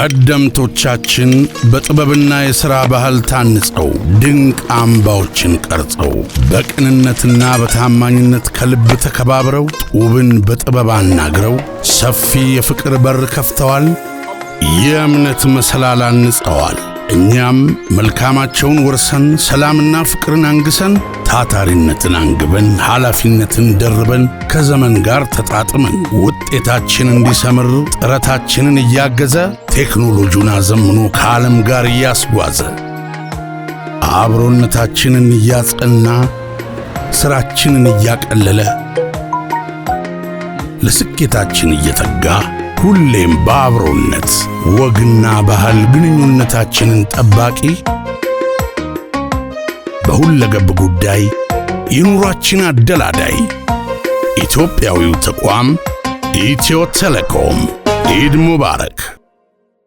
ቀደምቶቻችን በጥበብና የሥራ ባህል ታንጸው ድንቅ አምባዎችን ቀርጸው በቅንነትና በታማኝነት ከልብ ተከባብረው ውብን በጥበብ አናግረው ሰፊ የፍቅር በር ከፍተዋል። የእምነት መሰላል አንጸዋል። እኛም መልካማቸውን ወርሰን ሰላምና ፍቅርን አንግሰን ታታሪነትን አንግበን ኃላፊነትን ደርበን ከዘመን ጋር ተጣጥመን ውጤታችን እንዲሰምር ጥረታችንን እያገዘ ቴክኖሎጂውን አዘምኖ ከዓለም ጋር እያስጓዘ አብሮነታችንን እያጸና ሥራችንን እያቀለለ ለስኬታችን እየተጋ ሁሌም በአብሮነት ወግና ባህል ግንኙነታችንን ጠባቂ በሁለገብ ጉዳይ የኑሯችን አደላዳይ ኢትዮጵያዊው ተቋም ኢትዮ ቴሌኮም ኢድ ሙባረክ